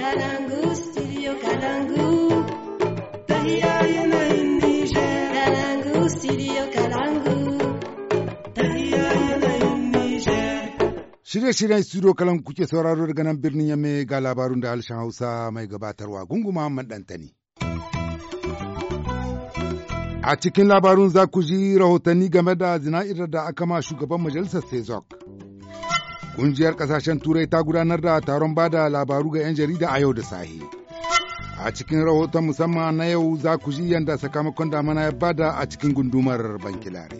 Shirye studio shirye studio kalan kuke sauraro daga nan birnin Yamme ga labarun da harshen Hausa mai gabatarwa gunguma Maɗantani. A cikin labarun za ku ji rahotanni game da zina'irar da aka ma shugaban majalisar Sezok. Ƙungiyar ƙasashen Turai ta gudanar da taron bada labaru ga 'yan jarida a yau da sahi. A cikin rahoton musamman na yau za ku ji yadda sakamakon damana ya bada a cikin gundumar Bankilare.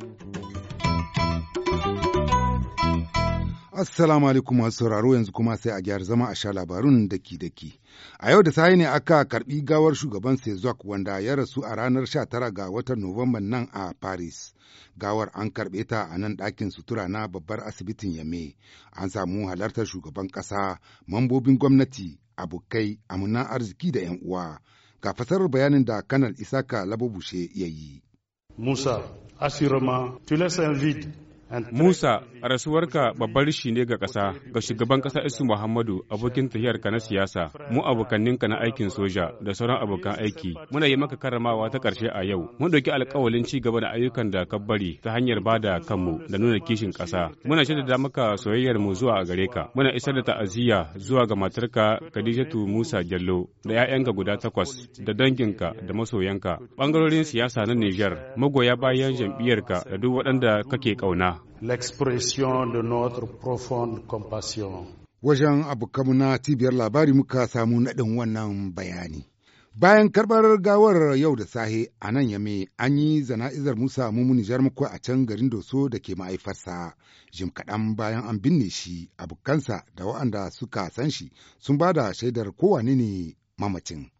Assalamu alaikum masu sauraro yanzu kuma sai a gyara zama a sha labarun daki-daki. A yau da sahi ne aka karbi gawar shugaban Sezok wanda ya rasu a ranar 19 ga watan Nuwamban nan a Paris. Gawar an karbe ta a nan ɗakin sutura na babbar asibitin Yame. An samu halartar shugaban ƙasa, mambobin gwamnati, abokai, amunan arziki da 'yan uwa. Ga fasarar bayanin da Kanal Isaka Labobushe ya yi. Musa, asiroma. tu laisses un Musa, rasuwarka babbar shi ne ga ƙasa, ga shugaban ƙasa Isu Muhammadu, abokin tafiyarka na siyasa, mu abokanninka na aikin soja da sauran abokan aiki. Muna yi maka karramawa ta ƙarshe a yau. Mun ɗauki alƙawalin ci gaba da ayyukan da ka bari ta hanyar ba da kanmu da nuna kishin ƙasa. Muna shaidada maka soyayyar mu zuwa a gare ka. Muna isar da ta'aziyya zuwa ga matarka Khadijatu Musa Jallo da 'ya'yanka guda takwas da danginka da masoyanka. Ɓangarorin siyasa na Nijar, magoya bayan jam'iyyarka da duk waɗanda kake ƙauna. l'expression de notre profonde compassion. Wajen abokanmu na cibiyar labari muka samu naɗin wannan bayani. Bayan karɓar gawar yau da sahe a nan yame an yi zana'izar Musa nijar Jarmako a can garin Doso da ke ma'aifarsa, jim kaɗan bayan an binne shi abokansa da waɗanda suka san shi sun ba da shaidar kowane ne mamacin.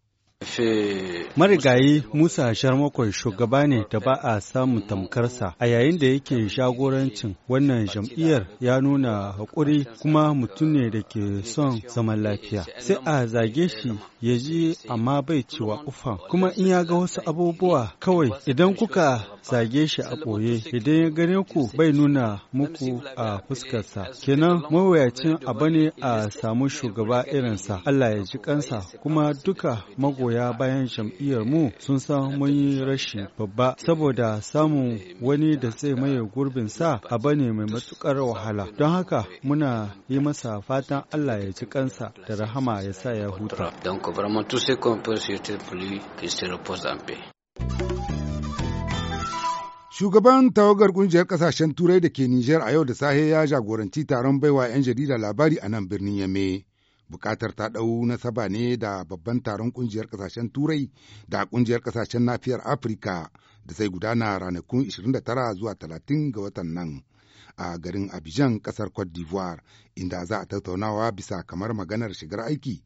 Marigayi Musa sharmakon shugaba ne da ba a samun tamkarsa a yayin da yake shagorancin wannan jam'iyyar ya nuna haƙuri kuma mutum ne da ke son zaman lafiya. Sai a zage shi ya ji amma bai cewa ufa kuma in ya ga wasu abubuwa kawai idan kuka zage shi a ɓoye idan ya gane ku bai nuna muku a fuskarsa. Kenan mawuyacin abu ne a samu shugaba irinsa Allah ya ji kansa kuma duka magoya magoya bayan jam'iyyar mu sun san mun yi rashi babba saboda samun wani da zai maye gurbin sa abu ne mai matukar wahala. Don haka muna yi masa fatan Allah ya ci kansa da rahama ya sa ya huta. Shugaban tawagar kungiyar kasashen Turai da ke Nijar a yau da sahe ya jagoranci taron baiwa 'yan jarida labari a nan birnin Yame. bukatar ta ɗau nasaba ne da babban taron ƙungiyar ƙasashen turai da ƙungiyar ƙasashen nafiyar afirka da zai gudana ranakun 29 zuwa 30 ga watan nan a garin abidjan ƙasar cote d'ivoire inda za a tattaunawa bisa kamar maganar shigar aiki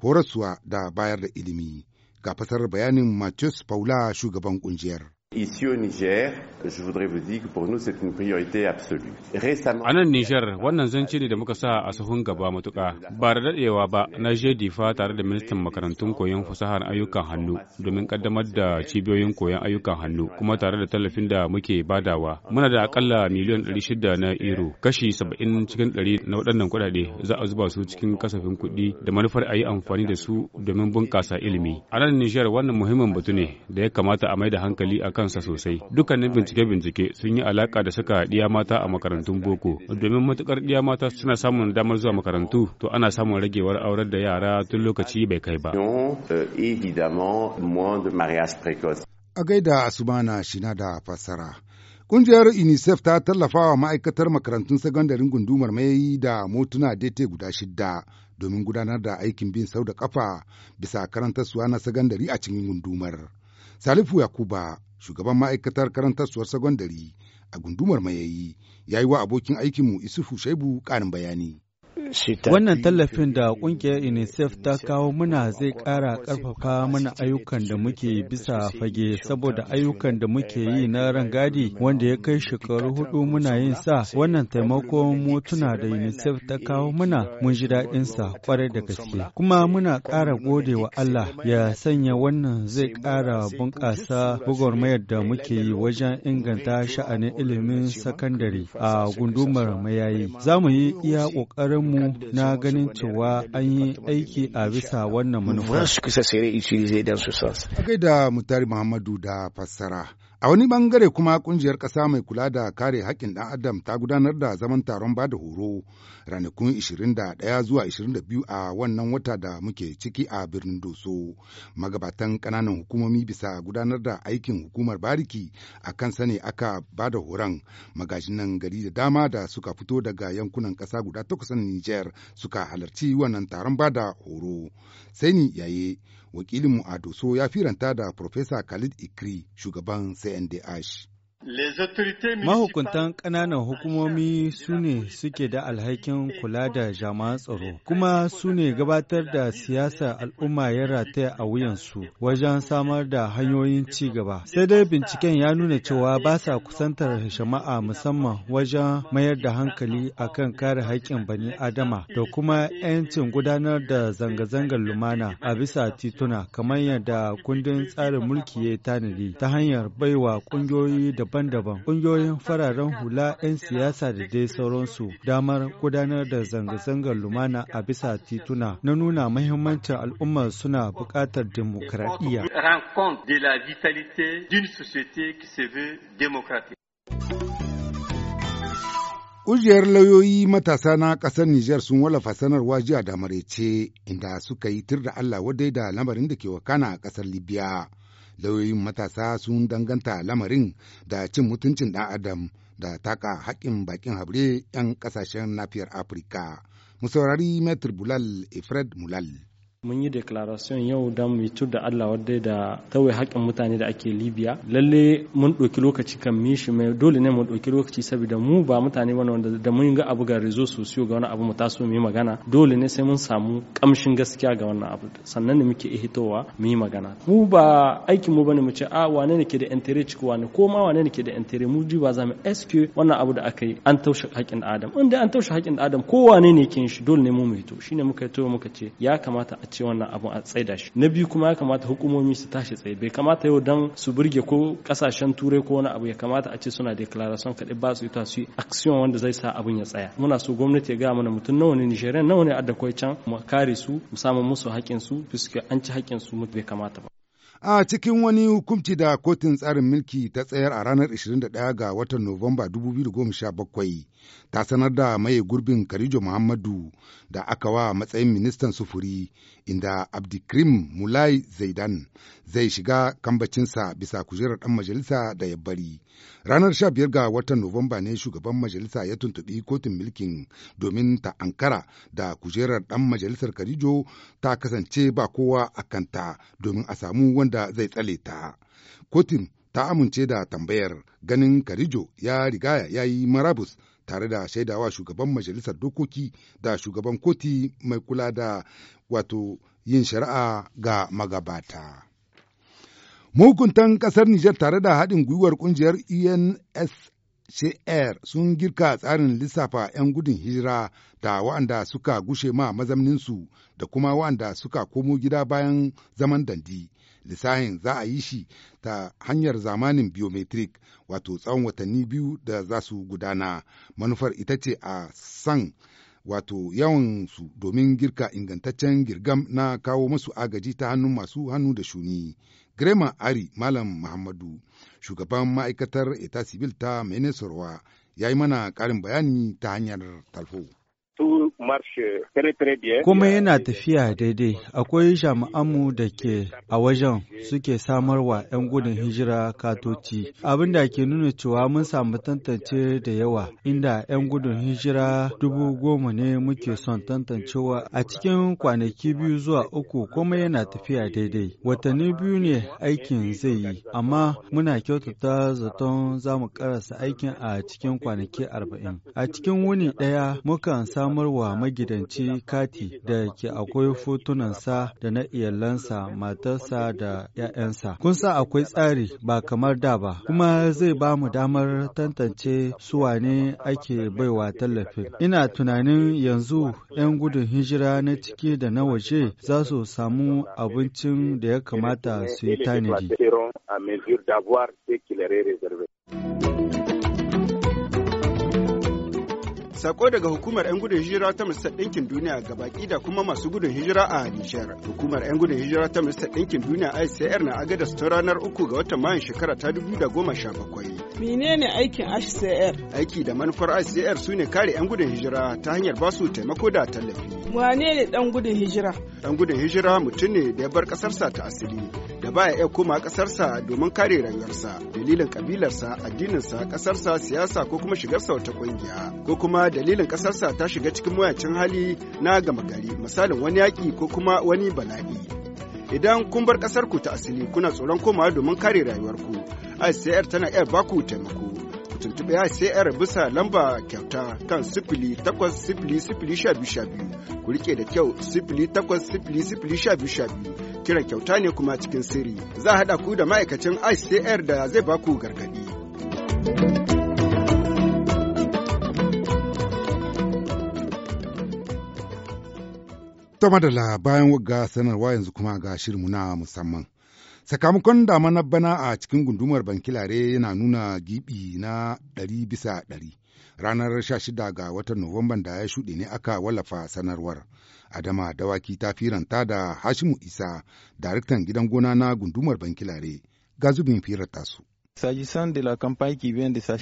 horaswa da bayar da ilimi ga fasar bayanin matthews paula shugaban ƙungiyar Ici au Niger, je voudrais vous dire que pour nous c'est une priorité absolue. Récemment, à nan Niger, wannan zance ne da muka sa a sahun gaba matuƙa. Ba da daɗewa ba, na je difa tare da ministan makarantun koyon fasahar ayyukan hannu domin kaddamar da cibiyoyin koyon ayyukan hannu kuma tare da tallafin da muke badawa. Muna da akalla miliyan 600 na euro, kashi 70 cikin 100 na waɗannan kuɗaɗe za a zuba su cikin kasafin kuɗi da manufar a yi amfani da su domin bunƙasa ilimi. A nan Niger wannan muhimmin batu ne da ya kamata a mai da hankali a kansa sosai. Dukkanin bincike-bincike sun yi alaka da saka haɗiya mata a makarantun boko. Domin matukar ɗiya mata suna samun damar zuwa makarantu, to ana samun ragewar aurar da yara tun lokaci bai kai ba. A gaida Asumana Shina da fassara. ƙungiyar UNICEF ta tallafa wa ma'aikatar makarantun sagandarin gundumar mai da motuna dete guda shidda domin gudanar da aikin bin sau da kafa bisa karanta suwa na sakandari a cikin gundumar. Salifu Yakuba, shugaban ma'aikatar Karantar karantarsuwar sagwandari a gundumar Mayayi, ya yi wa abokin aikinmu Isufu Shaibu ƙarin bayani. Wannan tallafin da ƙungiyar UNICEF ta kawo muna zai ƙara ƙarfafa mana ayyukan da muke bisa fage saboda ayyukan da muke yi na rangadi wanda ya kai shekaru hudu muna yin sa wannan taimakon motuna da UNICEF ta kawo muna mun ji daɗin sa kwarai da gaske. Kuma muna ƙara gode wa Allah ya sanya wannan zai ƙara bunƙasa gwagwarmayar da muke yi wajen inganta sha'anin ilimin sakandare a gundumar mayayi. Za mu yi iya mu. mu na ganin cewa an yi aiki a bisa wannan manufa. Kai da Mutari Muhammadu da fassara. A wani bangare kuma kungiyar ƙasa mai kula da kare haƙƙin ɗan adam ta gudanar da zaman taron ba da horo ranakun 21 zuwa 22 a wannan wata da muke ciki a birnin Doso. Magabatan ƙananan hukumomi bisa gudanar da aikin hukumar bariki a kan sani aka ba da horon magajinan gari da dama da suka fito daga yankunan ƙasa guda takwas Niger suka halarci wannan taron ba da horo. Sai ni yaye wakilin mu a doso ya firanta da Profesa Khalid Ikri shugaban CNDH. Mahukuntan ƙananan hukumomi su ne suke da alhakin kula da jama'a tsaro, kuma su ne gabatar da siyasa al'umma ya rataya a wuyansu wajen samar da hanyoyin ci gaba. Sai dai binciken ya nuna cewa ba sa kusantar jama'a musamman wajen mayar da hankali a kan kare haƙƙin bani adama da kuma 'yancin gudanar da zanga-zangar lumana a bisa tituna kamar yadda kundin tsarin mulki ya tanadi ta hanyar baiwa ƙungiyoyi daban daban-daban ƙungiyoyin fararen hula 'yan siyasa da dai sauransu damar gudanar da zanga-zangar lumana a bisa tituna na nuna mahimmancin al'ummar suna buƙatar demokradiyya. Ƙungiyar lauyoyi matasa na ƙasar Nijar sun wallafa sanarwa jiya da marece inda suka yi tir da Allah wadai da lamarin da ke wakana a ƙasar Libya. lauyoyin matasa sun danganta lamarin da cin mutuncin ɗan adam da taka haƙƙin bakin habre 'yan ƙasashen nafiyar afirka mu saurari metr bulal ifred mulal mun yi declaration yau don mu tur da Allah wadda da tawai haƙƙin mutane da ake Libya lalle mun ɗauki lokaci kan mishi mai dole ne mun ɗauki lokaci saboda mu ba mutane bane wanda da mun ga abu ga rezo sosai ga wani abu mu taso mu yi magana dole ne sai mun samu kamshin gaskiya ga wannan abu sannan ne muke ihitowa mu yi magana mu ba aikin mu bane mu ce a ah, wane ne ke da intere ciki wane ko ma wane ne ke da intere mu ji ba za mu SQ wannan abu da aka yi an taushe haƙƙin Adam dai an taushe haƙƙin Adam ko wane ne ke shi dole ne mu mu hito shine muka hito muka ce ya kamata a ce wannan abu a tsaida shi na biyu kuma ya kamata hukumomi su tashi tsaye bai kamata yau dan su burge ko kasashen turai ko wani abu ya kamata a ce suna declaration kaɗai ba su ita su action wanda zai sa abun ya tsaya muna so gwamnati ya ga mana mutum nawa ne nigerian nawa ne adda kai can mu kare su mu samu musu haƙƙin su fiske an ci haƙƙin su bai kamata ba a cikin wani hukunci da kotun tsarin mulki ta tsayar a ranar 21 ga watan Nuwamba 2017 ta sanar da maye gurbin Karijo Muhammadu da aka wa matsayin ministan sufuri inda Abdikrim Mulai Zaidan zai shiga kambacinsa bisa kujerar ɗan majalisa da ya bari. Ranar sha biyar ga watan Nuwamba ne shugaban majalisa ya tuntuɓi kotun milkin domin ta ankara da kujerar ɗan majalisar Karijo ta kasance ba kowa a kanta domin a samu wanda zai tsale ta. Kotun ta amince da tambayar ganin Karijo ya rigaya ya yi marabus tare da shaidawa shugaban majalisar dokoki da shugaban koti mai kula da wato yin shari'a ga magabata. Mahukuntan ƙasar Nijar tare da haɗin gwiwar ƙungiyar UNSCR e sun girka tsarin lissafa 'yan gudun hijira da wa'anda suka gushe ma mazamninsu da kuma wa'anda suka komo gida bayan zaman dandi. Lissahin za a yi shi ta hanyar zamanin biometric wato tsawon watanni biyu da za su gudana. Manufar ita ce a san wato yawansu domin girka ingantaccen girgam na kawo masu agaji ta hannun masu hannu da shuni. Grema Ari Malam Muhammadu, shugaban ma'aikatar Eta Sibil ta Menesorwa, ya yi mana ƙarin bayani ta hanyar talfo. Kuma yana tafiya daidai, akwai jami'anmu da ke a wajen suke samarwa 'yan gudun hijira katoci, abin da ke nuna cewa mun samu tantance da yawa, inda 'yan gudun hijira dubu goma ne muke son tantancewa a cikin kwanaki biyu zuwa uku kuma yana tafiya daidai. Watanni biyu ne aikin zai yi, amma muna kyautata zaton za mu karasa aikin a cikin kwanaki arba'in. A cikin wuni ɗaya mukan samu wa magidanci kati da ke akwai fotunansa da na iyalansa, matarsa da 'ya'yansa. Kun sa akwai tsari ba kamar da ba, kuma zai ba mu damar tantance su wane ake baiwa tallafi, Ina tunanin yanzu 'yan gudun hijira na ciki da na waje za su samu abincin da ya kamata su yi tanadi. Sako daga hukumar 'yan gudun hijira ta Mista Ɗinkin Duniya ga baki da kuma masu gudun hijira a Nijar. Hukumar 'yan gudun hijira ta Mista Ɗinkin Duniya ICR na agada ta ranar uku ga watan Mayun shekara ta dubu da sha bakwai. Menene aikin ICR? Aiki da manufar ICR su ne kare 'yan gudun hijira ta hanyar basu taimako da tallafi. Wane ne ɗan gudun hijira? Ɗan gudun hijira mutum ne da ya bar ƙasarsa ta asali da baya iya koma ƙasarsa domin kare rayuwarsa, dalilin ƙabilarsa addininsa ƙasarsa siyasa ko kuma shigarsa wata ƙungiya ko kuma dalilin ƙasarsa ta shiga cikin mayacin hali na gama gari misalin wani yaƙi ko kuma wani bala'i idan kun bar ƙasarku ta asali kuna tsoron komawa domin kare rayuwarku ICR tana iya baku taimako ku tuntuɓe ICR bisa lamba kyauta kan sifili takwas sifili sifili sha biyu ku riƙe da kyau sifili takwas sifili sifili sha biyu kiran kyauta ne kuma cikin sirri za a haɗa ku da ma'aikacin ICR da zai baku gargaɗi. Ta madala bayan wagga sanarwa yanzu kuma ga shirinmu na musamman. Sakamakon na bana a cikin gundumar bankilare yana nuna gibi na ɗari bisa ɗari. Ranar 16 ga watan Nuwamban da ya shuɗe ne aka wallafa sanarwar. Adama Dawaki ta firanta da Hashimu Isa, daraktan gidan gona na gundumar bankilare, ga zubin firar tasu.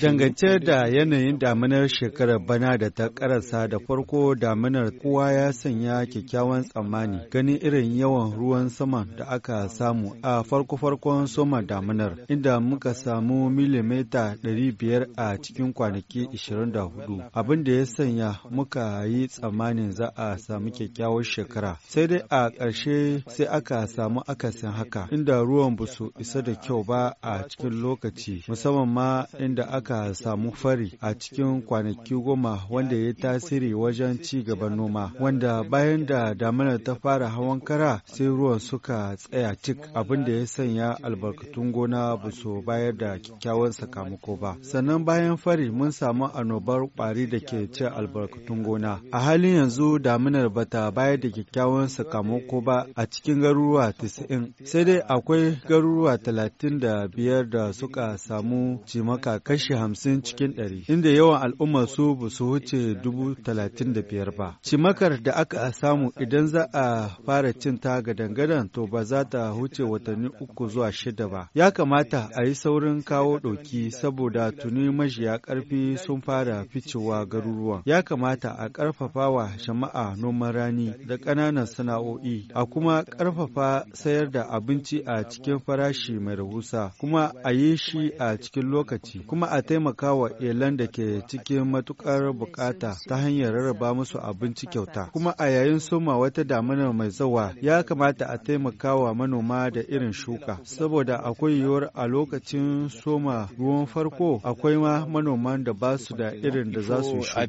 Dangance da yanayin daminar shekarar bana da ta karasa da farko daminar kowa ya sanya kyakkyawan tsammani ganin irin yawan ruwan sama da aka samu a farko-farkon soma daminar inda muka samu milimita 500 a cikin kwanaki 24 abin da ya sanya muka yi tsammanin za a samu kyakkyawar shekara sai dai a ƙarshe sai aka samu akasin haka inda ruwan busu isa da kyau ba a cikin lokaci lokaci musamman ma inda aka samu fari a cikin kwanaki goma wanda ya tasiri wajen ci gaban noma wanda bayan da damina ta fara hawan kara sai ruwan suka tsaya cik abin da ya sanya albarkatun gona ba su bayar da kyakkyawan sakamako ba sannan bayan fari mun samu annobar kwari da ke ci albarkatun gona a halin yanzu daminar bata bayar da kyakkyawan sakamako ba a cikin garuruwa 90 sai dai akwai garuruwa 35 da suka a samu cimaka kashi hamsin cikin ɗari, inda yawan al'ummar su ba su wuce dubu talatin da biyar ba. Cimakar da aka samu idan za a fara cin ta gadangadan to ba za ta wuce watanni uku zuwa shida ba. Ya kamata a yi saurin kawo ɗauki saboda tuni majiya ƙarfi sun fara ficewa garuruwan. Ya kamata a ƙarfafa wa jama'a noman rani da ƙananan sana'o'i, a kuma ƙarfafa sayar da abinci a cikin farashi mai rahusa, kuma a yi shi a cikin lokaci kuma a taimaka wa elan da ke cikin matukar bukata ta hanyar rarraba musu abinci kyauta kuma a yayin soma wata damana mai zawa ya kamata a taimaka wa manoma da irin shuka saboda akwai yiwuwar a lokacin soma ruwan farko akwai ma manoman da ba su da irin da za su shuka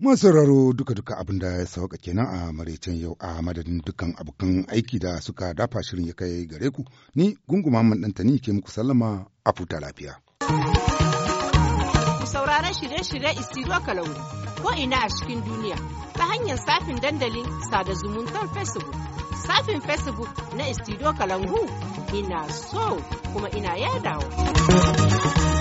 Mun sauraro duka-duka abin da ya sauka kenan a maraicen yau a madadin dukan abokan aiki da suka dafa shirin ya kai gare ku ni gunguma ɗanta ɗantani ke muku sallama a futa lafiya. Ku saurara shirye-shirye Isiro Kalangu ko ina a cikin duniya ta hanyar safin dandalin sada zumuntar Facebook. Safin Facebook na Isiro Kalangu ina so kuma ina yadawa.